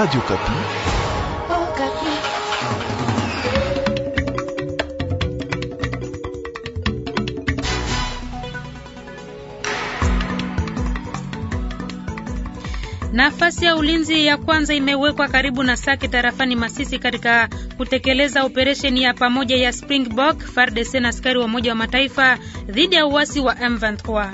Radio Kapi. Oh, Kapi. Nafasi ya ulinzi ya kwanza imewekwa karibu na Sake tarafani Masisi katika kutekeleza operesheni ya pamoja ya Springbok FARDC na askari wa Umoja wa Mataifa dhidi ya uasi wa M23.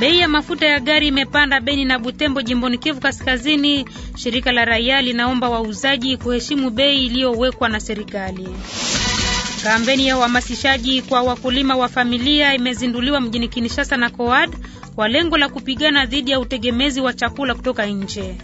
Bei ya mafuta ya gari imepanda Beni na Butembo jimboni Kivu Kaskazini Shirika la raia linaomba wauzaji kuheshimu bei iliyowekwa na serikali. Kampeni ya uhamasishaji kwa wakulima wa familia imezinduliwa mjini Kinshasa na COAD kwa lengo la kupigana dhidi ya utegemezi wa chakula kutoka nje.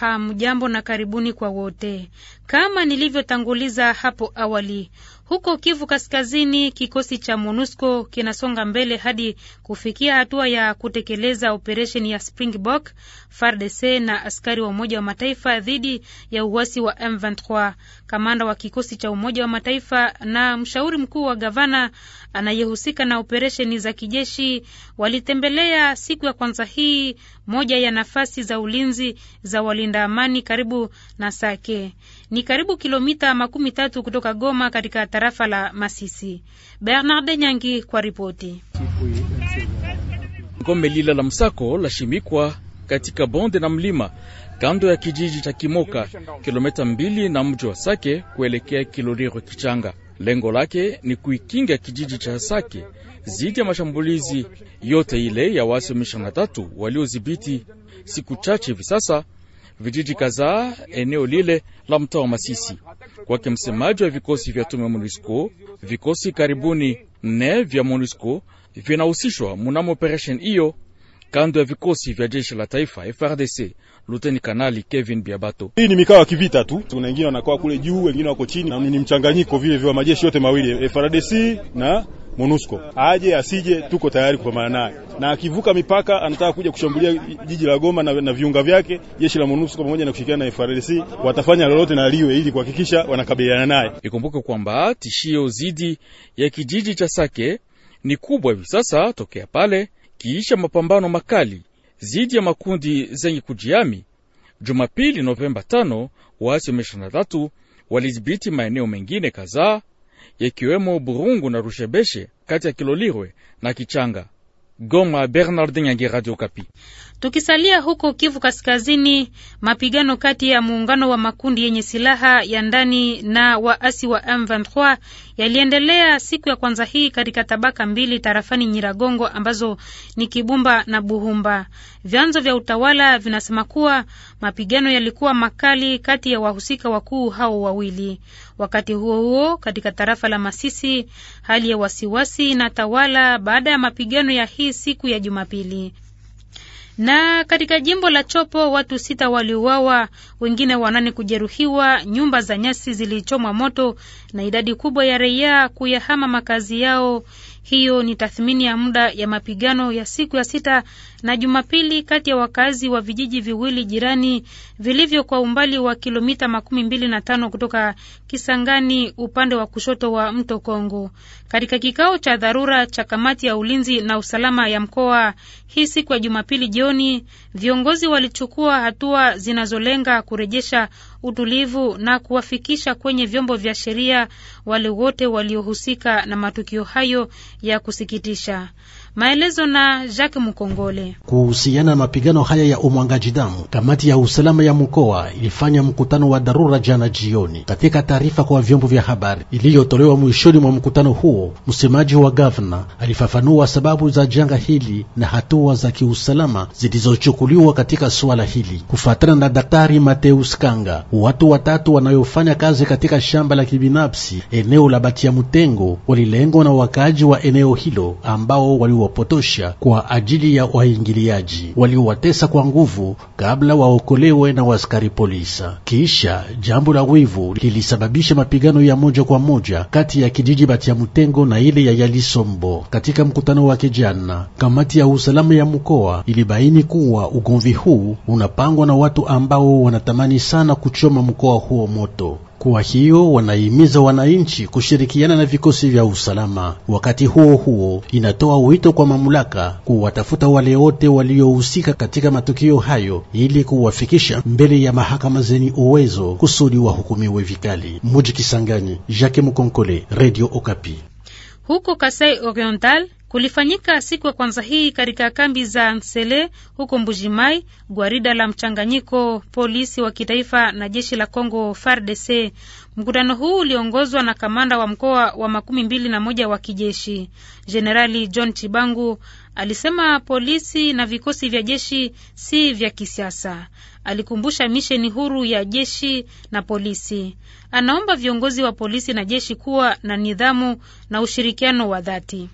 Hamjambo na karibuni kwa wote. Kama nilivyotanguliza hapo awali, huko Kivu Kaskazini, kikosi cha MONUSCO kinasonga mbele hadi kufikia hatua ya kutekeleza operesheni ya Springbok, FARDC na askari wa Umoja wa Mataifa dhidi ya uasi wa M23. Kamanda wa kikosi cha Umoja wa Mataifa na mshauri mkuu wa gavana anayehusika na operesheni za kijeshi walitembelea siku ya kwanza hii moja ya nafasi za ulinzi za walinda amani karibu na Sake ni karibu kilomita makumi tatu kutoka Goma katika tarafa la Masisi. Bernard Nyangi kwa ripoti. Ngome lila la msako lashimikwa katika bonde na mlima kando ya kijiji cha Kimoka, kilomita mbili na mji wa Sake kuelekea Kiloliro Kichanga. Lengo lake ni kuikinga kijiji cha Sake zidi ya mashambulizi yote ile ya waasi wa M23 waliodhibiti siku chache hivi sasa vijiji kadhaa eneo lile la mtaa wa Masisi. Kwake msemaji wa vikosi vya tume ya MONUSCO, vikosi karibuni nne vya MONUSCO vinahusishwa mnamo operesheni hiyo kando ya vikosi vya jeshi la taifa FRDC. Luteni Kanali Kevin Biabato: hii ni mikao ya kivita tu, wengine wanakaa kule juu, wengine wako chini, na ni mchanganyiko vile vile wa majeshi yote mawili FRDC na MONUSCO. Aje asije, tuko tayari kupambana naye, na akivuka mipaka anataka kuja kushambulia jiji la Goma na, na viunga vyake, jeshi la MONUSCO pamoja na kushirikiana na FARDC watafanya lolote na liwe ili kuhakikisha wanakabiliana naye. Ikumbuke kwamba tishio zidi ya kijiji cha Sake ni kubwa hivi sasa tokea pale kiisha mapambano makali zidi ya makundi zenye kujiami. Jumapili Novemba 5 waasi wa M23 walidhibiti maeneo mengine kadhaa yakiwemo Burungu na Rushebeshe kati ya Kilolirwe na Kichanga. Goma, Bernard Yangi, Radio Kapi. Tukisalia huko Kivu Kaskazini, mapigano kati ya muungano wa makundi yenye silaha ya ndani na waasi wa M23 yaliendelea siku ya kwanza hii katika tabaka mbili tarafani Nyiragongo ambazo ni Kibumba na Buhumba. Vyanzo vya utawala vinasema kuwa mapigano yalikuwa makali kati ya wahusika wakuu hao wawili. Wakati huo huo, katika tarafa la Masisi, hali ya wasiwasi na tawala baada ya mapigano ya hii siku ya Jumapili. Na katika jimbo la Chopo watu sita waliuawa, wengine wanane kujeruhiwa, nyumba za nyasi zilichomwa moto na idadi kubwa ya raia kuyahama makazi yao. Hiyo ni tathmini ya muda ya mapigano ya siku ya sita na Jumapili kati ya wakazi wa vijiji viwili jirani vilivyo kwa umbali wa kilomita makumi mbili na tano kutoka Kisangani upande wa kushoto wa mto Kongo. Katika kikao cha dharura cha kamati ya ulinzi na usalama ya mkoa hii siku ya Jumapili jioni, viongozi walichukua hatua zinazolenga kurejesha utulivu na kuwafikisha kwenye vyombo vya sheria wale wote waliohusika na matukio hayo ya kusikitisha. Maelezo na Jacques Mkongole. Kuhusiana na mapigano haya ya umwangaji damu, kamati ya usalama ya mkoa ilifanya mkutano wa dharura jana jioni. Katika taarifa kwa vyombo vya habari iliyotolewa mwishoni mwa mkutano huo, msemaji wa gavana alifafanua sababu za janga hili na hatua za kiusalama zilizochukuliwa katika suala hili. Kufuatana na Daktari Mateus Kanga, watu watatu wanayofanya kazi katika shamba la kibinafsi eneo la Batia Mutengo walilengwa na wakaaji wa eneo hilo ambao waliwa kuwapotosha kwa ajili ya waingiliaji waliowatesa kwa nguvu kabla waokolewe na waskari polisa. Kisha jambo la wivu lilisababisha mapigano ya moja kwa moja kati ya kijiji Batia Mutengo na ile ya Yalisombo. Katika mkutano wake jana, kamati ya usalama ya mkoa ilibaini kuwa ugomvi huu unapangwa na watu ambao wanatamani sana kuchoma mkoa huo moto. Kwa hiyo wanahimiza wananchi kushirikiana na vikosi vya usalama. Wakati huo huo, inatoa wito kwa mamlaka kuwatafuta wale wote waliohusika katika matukio hayo ili kuwafikisha mbele ya mahakama zenye uwezo kusudi wahukumiwe vikali. Muji Kisangani, Jacques Mukonkole, Radio Okapi. Huko Kasai Oriental kulifanyika siku ya kwanza hii katika kambi za Nsele huko Mbujimai, gwarida la mchanganyiko polisi wa kitaifa na jeshi la Congo FARDC. Mkutano huu uliongozwa na kamanda wa mkoa wa makumi mbili na moja wa kijeshi Jenerali John Chibangu alisema polisi na vikosi vya jeshi si vya kisiasa. Alikumbusha misheni huru ya jeshi na polisi. Anaomba viongozi wa polisi na jeshi kuwa na nidhamu na ushirikiano wa dhati.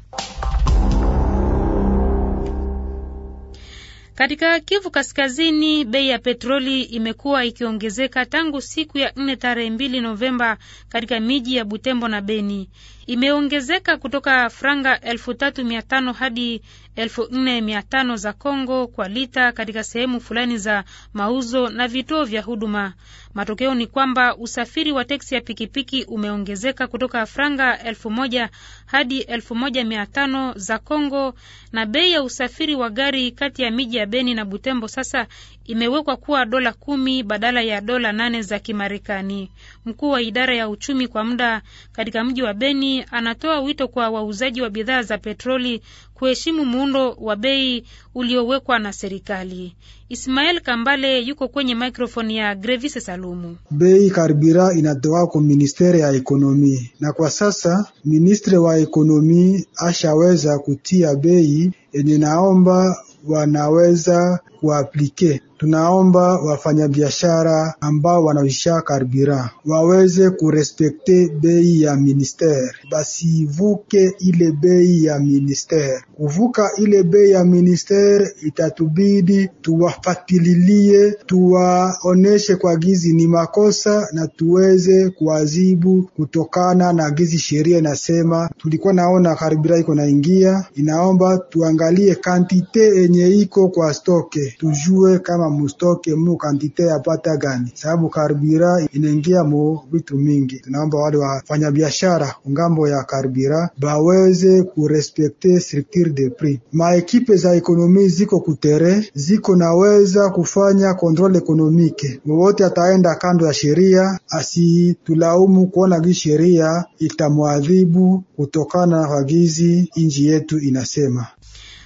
Katika Kivu Kaskazini, bei ya petroli imekuwa ikiongezeka tangu siku ya nne tarehe mbili Novemba katika miji ya Butembo na Beni imeongezeka kutoka franga 3500 hadi 4500 za Kongo kwa lita katika sehemu fulani za mauzo na vituo vya huduma. Matokeo ni kwamba usafiri wa teksi ya pikipiki umeongezeka kutoka franga 1000 hadi 1500 za Kongo na bei ya usafiri wa gari kati ya miji ya Beni na Butembo sasa imewekwa kuwa dola kumi badala ya dola nane za Kimarekani. Mkuu wa idara ya uchumi kwa muda katika mji wa Beni anatoa wito kwa wauzaji wa bidhaa za petroli kuheshimu muundo wa bei uliowekwa na serikali. Ismael Kambale yuko kwenye mikrofoni ya Grevise Salumu. Bei karibira inatoa kwa ministeri ya ekonomi, na kwa sasa ministri wa ekonomi ashaweza kutia bei yenye, naomba wanaweza waaplike tunaomba wafanyabiashara ambao wanaisha karbira waweze kurespekte bei ya ministere, basivuke ile bei ya ministere. Kuvuka ile bei ya ministere itatubidi tuwafatililie, tuwaoneshe kwa gizi ni makosa na tuweze kuwazibu kutokana na gizi sheria inasema. Tulikuwa naona karbira iko naingia, inaomba tuangalie kantite enye iko kwa stoke tujue kama mustoke mu kantite ya pata gani, sababu karbira inaingia mu vitu mingi. Tunaomba wale wafanyabiashara ngambo ya karbira baweze kurespekte structure de prix. Maekipe za ekonomi ziko kutere, ziko naweza kufanya kontrole ekonomike. Wote ataenda kando ya sheria, asitulaumu kuona gi sheria itamwadhibu kutokana na wagizi inji yetu inasema.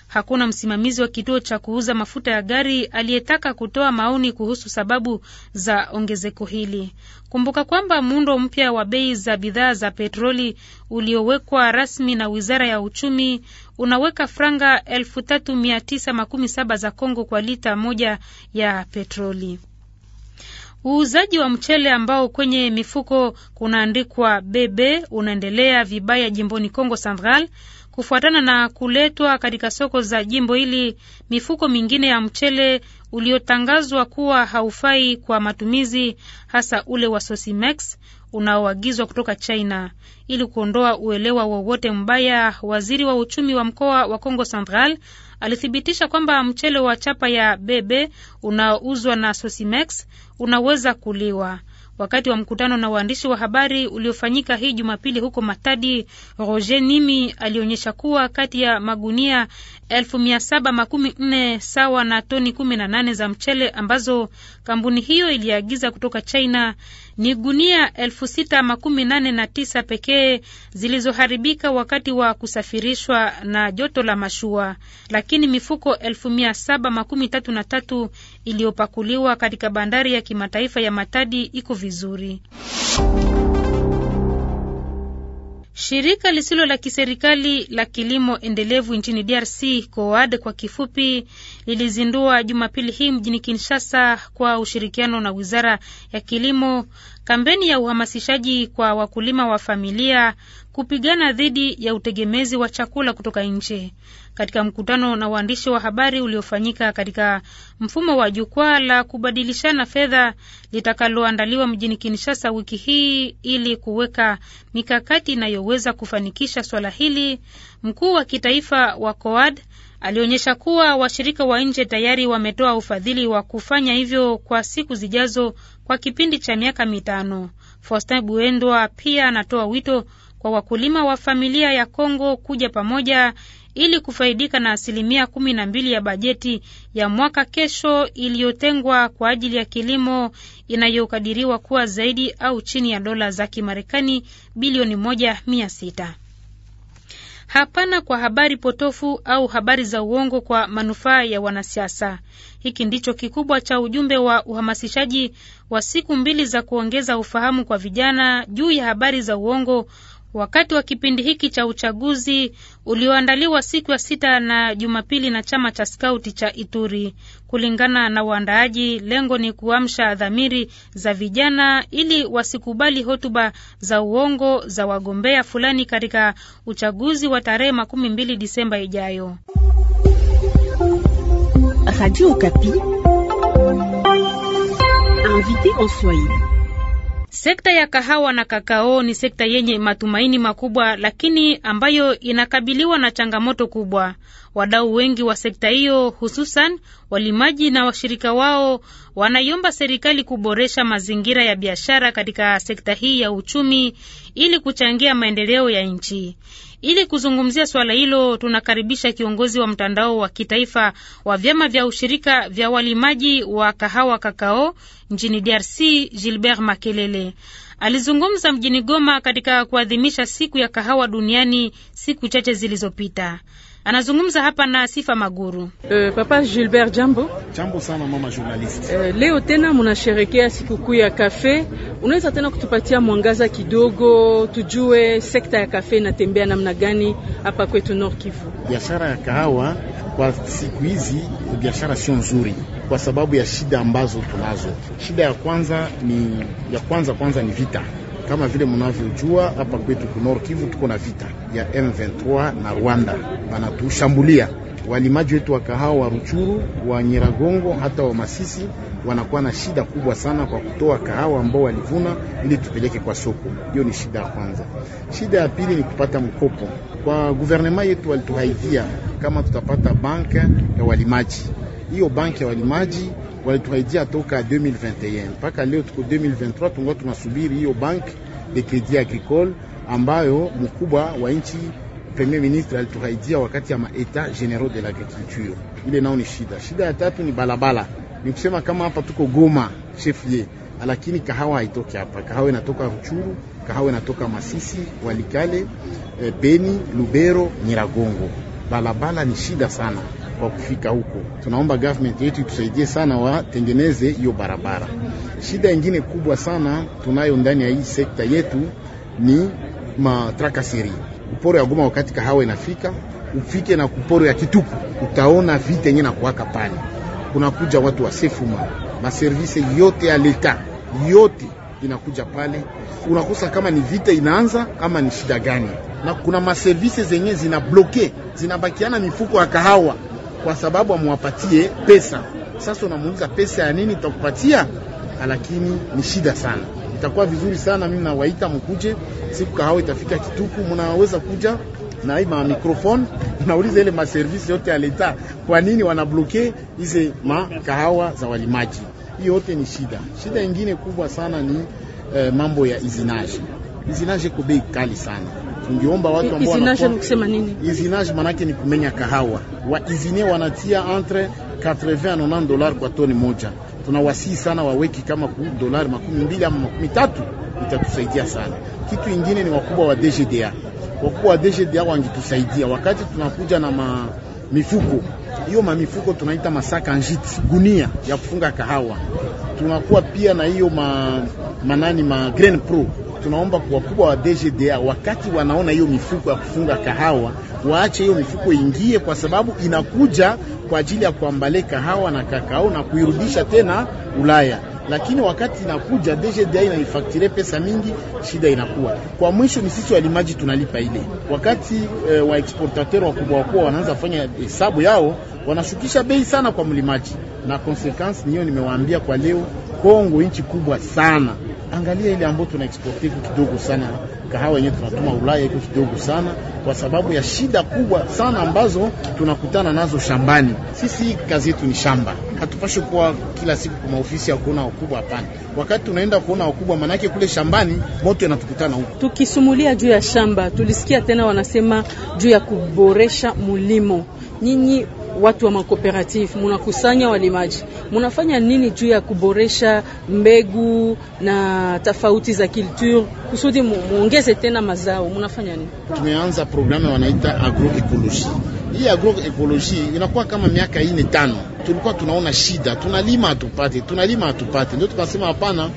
Hakuna msimamizi wa kituo cha kuuza mafuta ya gari aliyetaka kutoa maoni kuhusu sababu za ongezeko hili. Kumbuka kwamba muundo mpya wa bei za bidhaa za petroli uliowekwa rasmi na Wizara ya Uchumi unaweka franga 3917 za Kongo kwa lita moja ya petroli. Uuzaji wa mchele ambao kwenye mifuko kunaandikwa bebe unaendelea vibaya jimboni Kongo Central Kufuatana na kuletwa katika soko za jimbo hili mifuko mingine ya mchele uliotangazwa kuwa haufai kwa matumizi, hasa ule wa Sosimex unaoagizwa kutoka China. Ili kuondoa uelewa wowote mbaya, waziri wa uchumi wa mkoa wa Kongo Central alithibitisha kwamba mchele wa chapa ya Bebe unaouzwa na Sosimex unaweza kuliwa. Wakati wa mkutano na waandishi wa habari uliofanyika hii Jumapili huko Matadi, Roger Nimi alionyesha kuwa kati ya magunia elfu mia saba makumi nne sawa na toni kumi na nane za mchele ambazo kampuni hiyo iliagiza kutoka China ni gunia elfu sita makumi nane na tisa pekee zilizoharibika wakati wa kusafirishwa na joto la mashua, lakini mifuko elfu mia saba makumi tatu na tatu iliyopakuliwa katika bandari ya kimataifa ya Matadi iko vizuri. Shirika lisilo la kiserikali la kilimo endelevu nchini DRC COAD kwa kifupi lilizindua Jumapili hii mjini Kinshasa kwa ushirikiano na Wizara ya Kilimo kampeni ya uhamasishaji kwa wakulima wa familia kupigana dhidi ya utegemezi wa chakula kutoka nje katika mkutano na waandishi wa habari uliofanyika katika mfumo wa jukwaa la kubadilishana fedha litakaloandaliwa mjini Kinshasa wiki hii ili kuweka mikakati inayoweza kufanikisha swala hili. Mkuu wa kitaifa wa COAD alionyesha kuwa washirika wa nje tayari wametoa ufadhili wa kufanya hivyo kwa siku zijazo kwa kipindi cha miaka mitano. Faustin Buendwa pia anatoa wito kwa wakulima wa familia ya Kongo kuja pamoja ili kufaidika na asilimia kumi na mbili ya bajeti ya mwaka kesho iliyotengwa kwa ajili ya kilimo inayokadiriwa kuwa zaidi au chini ya dola za Kimarekani bilioni moja mia sita. Hapana kwa habari potofu au habari za uongo kwa manufaa ya wanasiasa. Hiki ndicho kikubwa cha ujumbe wa uhamasishaji wa siku mbili za kuongeza ufahamu kwa vijana juu ya habari za uongo wakati wa kipindi hiki cha uchaguzi ulioandaliwa siku ya sita na Jumapili na chama cha skauti cha Ituri. Kulingana na waandaaji, lengo ni kuamsha dhamiri za vijana ili wasikubali hotuba za uongo za wagombea fulani katika uchaguzi wa tarehe makumi mbili Disemba ijayo. Radio Okapi. Invité en Swahili. Sekta ya kahawa na kakao ni sekta yenye matumaini makubwa, lakini ambayo inakabiliwa na changamoto kubwa. Wadau wengi wa sekta hiyo, hususan walimaji na washirika wao, wanaiomba serikali kuboresha mazingira ya biashara katika sekta hii ya uchumi ili kuchangia maendeleo ya nchi. Ili kuzungumzia swala hilo, tunakaribisha kiongozi wa mtandao wa kitaifa wa vyama vya ushirika vya walimaji wa kahawa kakao nchini DRC, Gilbert Makelele. Alizungumza mjini Goma katika kuadhimisha siku ya kahawa duniani siku chache zilizopita. Anazungumza hapa na Sifa Maguru. Uh, Papa Gilbert, jambo. Jambo sana mama journalist. Uh, leo tena munasherekea sikukuu ya kafe. Unaweza tena kutupatia mwangaza kidogo tujue sekta ya kafe inatembea namna gani hapa kwetu Nord Kivu? Biashara ya kahawa kwa siku hizi biashara sio nzuri kwa sababu ya shida ambazo tunazo. Shida ya kwanza ni ya kwanza kwanza ni vita kama vile mnavyojua hapa kwetu ku Nord Kivu tuko na vita ya M23 na Rwanda wanatushambulia walimaji wetu wa kahawa wa Ruchuru wa Nyiragongo hata wa Masisi wanakuwa na shida kubwa sana kwa kutoa kahawa ambao walivuna ili tupeleke kwa soko. Hiyo ni shida ya kwanza. Shida ya pili ni kupata mkopo. Kwa guvernema yetu walituhaidia kama tutapata banka ya walimaji. Hiyo banki ya walimaji walituhaidia toka 2021 mpaka leo tuko 2023, tungo tunasubiri hiyo banki de credit agricole ambayo mkubwa wa nchi premier ministre alituhaidia wakati ya maeta general de l'agriculture. Ile nao ni shida. Shida ya tatu ni balabala. Ni kusema kama hapa tuko Goma chefie, lakini kahawa haitoki hapa. Kahawa inatoka Ruchuru, kahawa inatoka Masisi, Walikale, eh, Beni, Lubero, Nyiragongo. Balabala ni shida sana kwa kufika huko. Tunaomba government yetu itusaidie sana, watengeneze hiyo barabara. Shida ingine kubwa sana tunayo ndani ya hii sekta yetu ni matrakasiri kuporo ya Goma wakati kahawa inafika, ufike na kuporo ya Kituku, utaona vita yenye nakuwaka pale. Kunakuja watu wa sefuma, maservise yote ya leta yote inakuja pale, unakosa kama ni vita inaanza ama ni shida gani. Na kuna maservise zenye zinabloke zinabakiana mifuko ya kahawa kwa sababu amuwapatie pesa. Sasa unamuuliza pesa ya nini itakupatia, lakini ni shida sana. Itakuwa vizuri sana mimi nawaita mkuje siku kahawa itafika Kituku, mnaweza kuja na hii ma microphone unauliza ile ma service yote ya leta, kwa nini wanabloke hizi ma kahawa za walimaji? Hiyo yote ni shida. Shida nyingine kubwa sana ni eh, mambo ya izinaji. Izinaji kwa bei kali sana, tungeomba watu ambao izinaji ni kusema nini? Izinaji yake ni kumenya kahawa, Wa waizine wanatia entre 80 na 90 dollars kwa toni moja. Tunawasihi sana waweki kama ku dolari makumi mbili ama makumi tatu itatusaidia sana. Kitu ingine ni wakubwa wa DGDA, wakubwa wa DGDA wangetusaidia wakati tunakuja na ma mifuko hiyo, mamifuko tunaita masaka njiti, gunia ya kufunga kahawa. Tunakuwa pia na hiyo ma, manani ma Grain Pro. Tunaomba kwa wakubwa wa DGDA, wakati wanaona hiyo mifuko ya kufunga kahawa, waache hiyo mifuko ingie, kwa sababu inakuja kwa ajili ya kuambale kahawa na kakao na kuirudisha tena Ulaya lakini wakati inakuja DGDA inaifakture pesa mingi, shida inakuwa kwa mwisho ni sisi walimaji tunalipa ile. Wakati e, wa exportateur wakubwa wakubwa wanaanza fanya hesabu yao, wanashukisha bei sana kwa mlimaji, na consequence niyo nimewaambia kwa leo, Kongo nchi kubwa sana angalia ile ambayo tuna exporte iko kidogo sana, kahawa yenyewe tunatuma Ulaya iko kidogo sana, kwa sababu ya shida kubwa sana ambazo tunakutana nazo shambani. Sisi kazi yetu ni shamba, hatupashi kuwa kila siku kwa maofisi ya kuona wakubwa, hapana. Wakati tunaenda kuona wakubwa, manake kule shambani moto yanatukutana huko. Tukisumulia juu ya shamba, tulisikia tena wanasema juu ya kuboresha mulimo. Nyinyi watu wa makooperative munakusanya walimaji munafanya nini juu ya kuboresha mbegu na tofauti za culture kusudi muongeze tena mazao, munafanya nini? Tumeanza programu wanaita agroecology. Hii agroecology inakuwa kama miaka ine tano, tulikuwa tunaona shida, tunalima hatupate, tunalima hatupate, ndio tukasema hapana,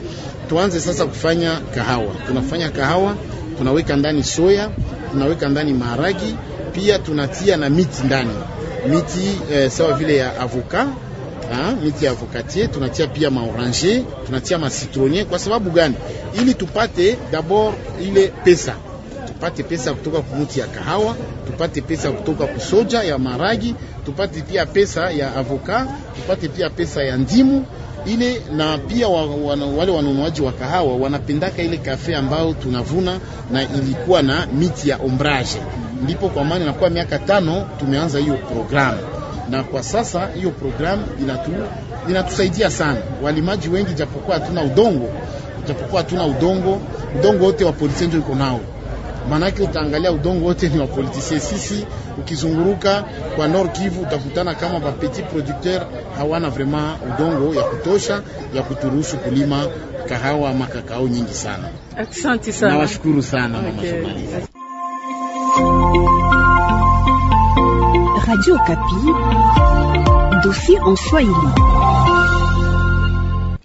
tuanze sasa kufanya kahawa. Tunafanya kahawa, tunaweka ndani soya, tunaweka ndani maharagi, pia tunatia na miti ndani miti eh, sawa vile ya avoka ha, miti ya avokatie tunatia pia maorange tunatia masitronye. Kwa sababu gani? Ili tupate dabord ile pesa, tupate pesa kutoka kumuti ya kahawa, tupate pesa kutoka kusoja ya maragi, tupate pia pesa ya avoka, tupate pia pesa ya ndimu ile na pia wa, wa, wale wanunuaji wa kahawa wanapendaka ile kafe ambayo tunavuna na ilikuwa na miti ya ombrage. Ndipo kwa maana inakuwa miaka tano tumeanza hiyo programu na kwa sasa hiyo programu inatu, inatusaidia sana walimaji wengi, japokuwa hatuna udongo, japokuwa hatuna udongo, udongo wote wa polisi ndio iko nao Manake utaangalia udongo wote ni wapolitisie. Sisi ukizunguruka kwa Nord Kivu utakutana kama bapetit producteur hawana vraiment udongo ya kutosha ya kuturuhusu kulima kahawa kakao nyingi sana. Asante sana, nawashukuru sana mama okay. Radio Kapi, dossier en Swahili.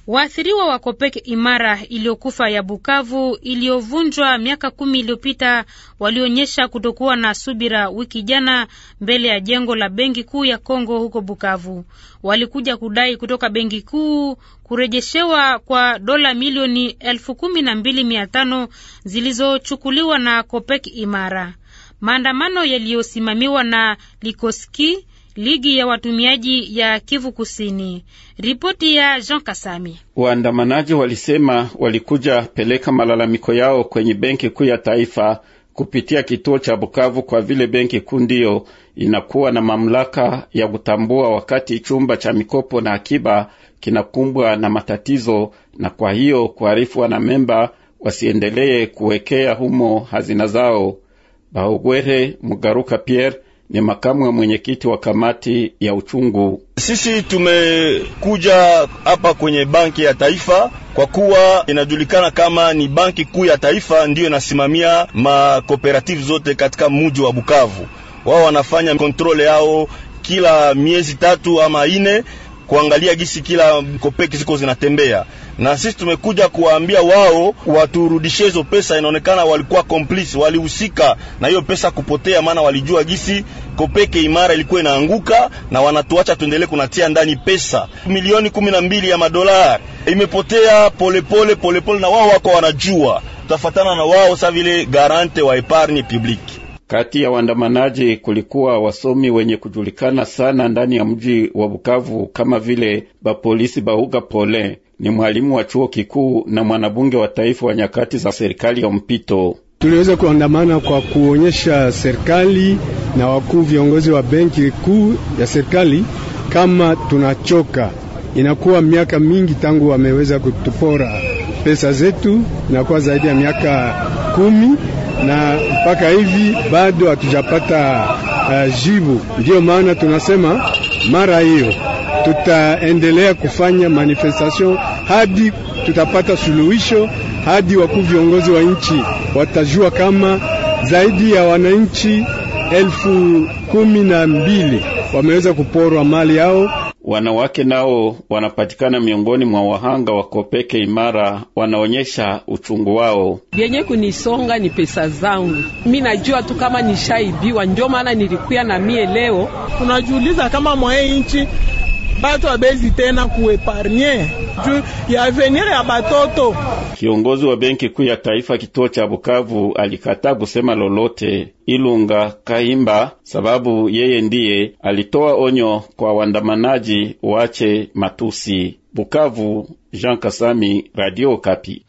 Waathiriwa wa Kopek Imara iliyokufa ya Bukavu iliyovunjwa miaka kumi iliyopita walionyesha kutokuwa na subira wiki jana mbele ya jengo la Benki Kuu ya Kongo huko Bukavu. Walikuja kudai kutoka Benki Kuu kurejeshewa kwa dola milioni elfu kumi na mbili mia tano zilizochukuliwa na Kopek Imara maandamano yaliyosimamiwa na Likoski, ligi ya watumiaji ya Kivu Kusini. Ripoti ya Jean Kasami. Waandamanaji walisema walikuja peleka malalamiko yao kwenye benki kuu ya taifa kupitia kituo cha Bukavu kwa vile benki kuu ndiyo inakuwa na mamlaka ya kutambua wakati chumba cha mikopo na akiba kinakumbwa na matatizo, na kwa hiyo kuharifu wanamemba wasiendelee kuwekea humo hazina zao. Ahogwere Mugaruka Pierre ni makamu wa mwenyekiti wa kamati ya uchungu. Sisi tumekuja hapa kwenye banki ya taifa kwa kuwa inajulikana kama ni banki kuu ya taifa, ndiyo inasimamia makooperative zote katika muji wa Bukavu. Wao wanafanya kontrole yao kila miezi tatu ama ine kuangalia gisi kila kopeki ziko zinatembea, na sisi tumekuja kuwaambia wao waturudishe hizo pesa. Inaonekana walikuwa complice, walihusika na hiyo pesa kupotea, maana walijua gisi kopeke imara ilikuwa inaanguka, na wanatuacha tuendelee kunatia ndani pesa milioni kumi na mbili ya madolari imepotea polepole polepole pole, na wao wako wanajua, tutafatana na wao sa vile garante wa epargne publique kati ya waandamanaji kulikuwa wasomi wenye kujulikana sana ndani ya mji wa Bukavu kama vile Bapolisi Bahuga Pole, ni mwalimu wa chuo kikuu na mwanabunge wa taifa wa nyakati za serikali ya mpito. Tuliweza kuandamana kwa kuonyesha serikali na wakuu viongozi wa benki kuu ya serikali kama tunachoka. Inakuwa miaka mingi tangu wameweza kutupora pesa zetu, inakuwa zaidi ya miaka kumi na mpaka hivi bado hatujapata uh, jibu. Ndiyo maana tunasema mara hiyo tutaendelea kufanya manifestation hadi tutapata suluhisho, hadi wakuu viongozi wa nchi watajua kama zaidi ya wananchi elfu kumi na mbili wameweza kuporwa mali yao Wanawake nao wanapatikana miongoni mwa wahanga wa Kopeke Imara, wanaonyesha uchungu wao. yenye kunisonga ni pesa zangu, mi najua tu kama nishaibiwa, ndio maana nilikuya na mie leo. Unajiuliza kama mwae nchi batu abezi tena kueparnye juu ya avenir ya batoto. Kiongozi wa benki kuu ya taifa kituo cha Bukavu alikataa kusema lolote Ilunga Kaimba, sababu yeye ndiye alitoa onyo kwa waandamanaji wache matusi. Bukavu, Jean Kasami, Radio Kapi.